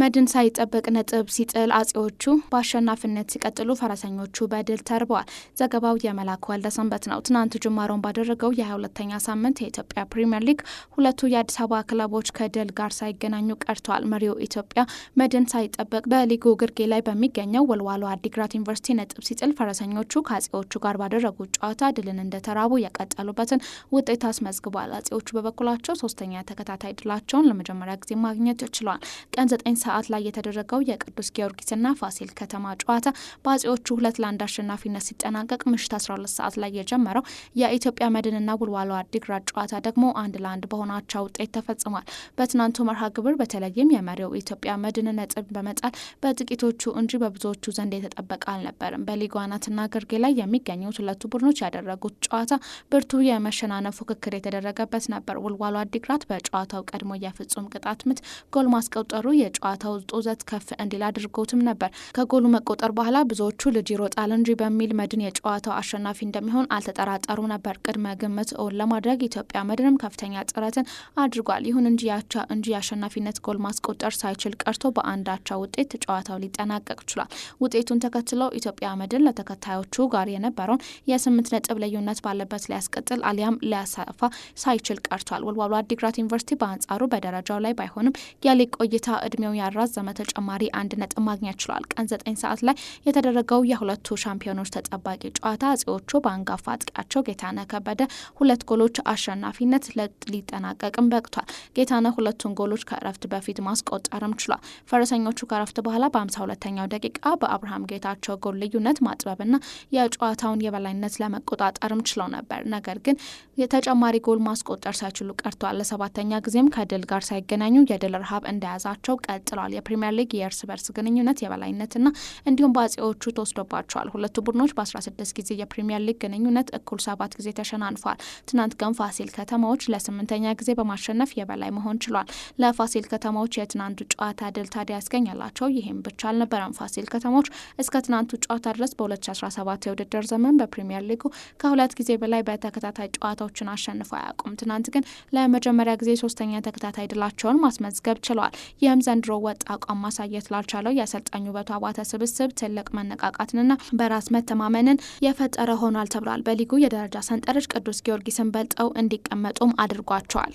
መድን ሳይጠበቅ ነጥብ ሲጥል አጼዎቹ በአሸናፊነት ሲቀጥሉ ፈረሰኞቹ በድል ተርበዋል። ዘገባው የመላኩ ወልደሰንበት ነው። ትናንት ጅማሮን ባደረገው የ 2 ኛ ሳምንት የኢትዮጵያ ፕሪምየር ሊግ ሁለቱ የአዲስ አበባ ክለቦች ከድል ጋር ሳይገናኙ ቀርተዋል። መሪው ኢትዮጵያ መድን ሳይጠበቅ በሊጉ ግርጌ ላይ በሚገኘው ወልዋሎ አዲግራት ዩኒቨርሲቲ ነጥብ ሲጥል ፈረሰኞቹ ከአጼዎቹ ጋር ባደረጉት ጨዋታ ድልን እንደተራቡ የቀጠሉበትን ውጤት አስመዝግቧል። አጼዎቹ በበኩላቸው ሶስተኛ ተከታታይ ድላቸውን ለመጀመሪያ ጊዜ ማግኘት ችለዋል። ቀን ሰዓት ላይ የተደረገው የቅዱስ ጊዮርጊስና ፋሲል ከተማ ጨዋታ በአጼዎቹ ሁለት ለአንድ አሸናፊነት ሲጠናቀቅ ምሽት 12 ሰዓት ላይ የጀመረው የኢትዮጵያ መድንና ወልዋሎ አዲግራት ጨዋታ ደግሞ አንድ ለአንድ በሆናቸው ውጤት ተፈጽሟል። በትናንቱ መርሃ ግብር በተለይም የመሪው ኢትዮጵያ መድን ነጥብ በመጣል በጥቂቶቹ እንጂ በብዙዎቹ ዘንድ የተጠበቀ አልነበርም። በሊጉ አናትና ግርጌ ላይ የሚገኙት ሁለቱ ቡድኖች ያደረጉት ጨዋታ ብርቱ የመሸናነፍ ፉክክር የተደረገበት ነበር። ወልዋሎ አዲግራት በጨዋታው ቀድሞ የፍጹም ቅጣት ምት ጎል ማስቆጠሩ የጨዋ የጨዋታው ጡዘት ከፍ እንዲል አድርጎትም ነበር። ከጎሉ መቆጠር በኋላ ብዙዎቹ ልጅ ይሮጣል እንጂ በሚል መድን የጨዋታው አሸናፊ እንደሚሆን አልተጠራጠሩም ነበር። ቅድመ ግምት እውን ለማድረግ ኢትዮጵያ መድንም ከፍተኛ ጥረትን አድርጓል። ይሁን እንጂ ያቻ እንጂ የአሸናፊነት ጎል ማስቆጠር ሳይችል ቀርቶ በአንዳቻ ውጤት ጨዋታው ሊጠናቀቅ ችሏል። ውጤቱን ተከትለው ኢትዮጵያ መድን ለተከታዮቹ ጋር የነበረውን የስምንት ነጥብ ልዩነት ባለበት ሊያስቀጥል አሊያም ሊያሳፋ ሳይችል ቀርቷል። ወልዋሎ አዲግራት ዩኒቨርሲቲ በአንጻሩ በደረጃው ላይ ባይሆንም ያሌ ቆይታ እድሜው ያራዘመ ተጨማሪ አንድ ነጥብ ማግኘት ችሏል። ቀን ዘጠኝ ሰዓት ላይ የተደረገው የሁለቱ ሻምፒዮኖች ተጠባቂ ጨዋታ አጼዎቹ በአንጋፋ አጥቂያቸው ጌታነህ ከበደ ሁለት ጎሎች አሸናፊነት ሊጠናቀቅም በቅቷል። ጌታነህ ሁለቱን ጎሎች ከእረፍት በፊት ማስቆጠርም ችሏል። ፈረሰኞቹ ከእረፍት በኋላ በሀምሳ ሁለተኛው ደቂቃ በአብርሃም ጌታቸው ጎል ልዩነት ማጥበብና የጨዋታውን የበላይነት ለመቆጣጠርም ችለው ነበር። ነገር ግን የተጨማሪ ጎል ማስቆጠር ሳይችሉ ቀርቷል። ለሰባተኛ ጊዜም ከድል ጋር ሳይገናኙ የድል ረሃብ እንደያዛቸው ቀጥ ቀጥለዋል። የፕሪምየር ሊግ የእርስ በርስ ግንኙነት የበላይነትና እንዲሁም በአጼዎቹ ተወስዶባቸዋል። ሁለቱ ቡድኖች በ16 ጊዜ የፕሪምየር ሊግ ግንኙነት እኩል ሰባት ጊዜ ተሸናንፏል። ትናንት ግን ፋሲል ከተማዎች ለስምንተኛ ጊዜ በማሸነፍ የበላይ መሆን ችሏል። ለፋሲል ከተማዎች የትናንቱ ጨዋታ ድል ታዲያ ያስገኛላቸው ይህም ብቻ አልነበረም። ፋሲል ከተማዎች እስከ ትናንቱ ጨዋታ ድረስ በ2017 የውድድር ዘመን በፕሪምየር ሊጉ ከሁለት ጊዜ በላይ በተከታታይ ጨዋታዎችን አሸንፎ አያውቁም። ትናንት ግን ለመጀመሪያ ጊዜ ሶስተኛ ተከታታይ ድላቸውን ማስመዝገብ ችለዋል። ይህም ዘንድሮ ወጥ አቋም ማሳየት ላልቻለው የአሰልጣኝ ውበቱ አባተ ስብስብ ትልቅ መነቃቃትንና በራስ መተማመንን የፈጠረ ሆኗል ተብሏል። በሊጉ የደረጃ ሰንጠረዥ ቅዱስ ጊዮርጊስን በልጠው እንዲቀመጡም አድርጓቸዋል።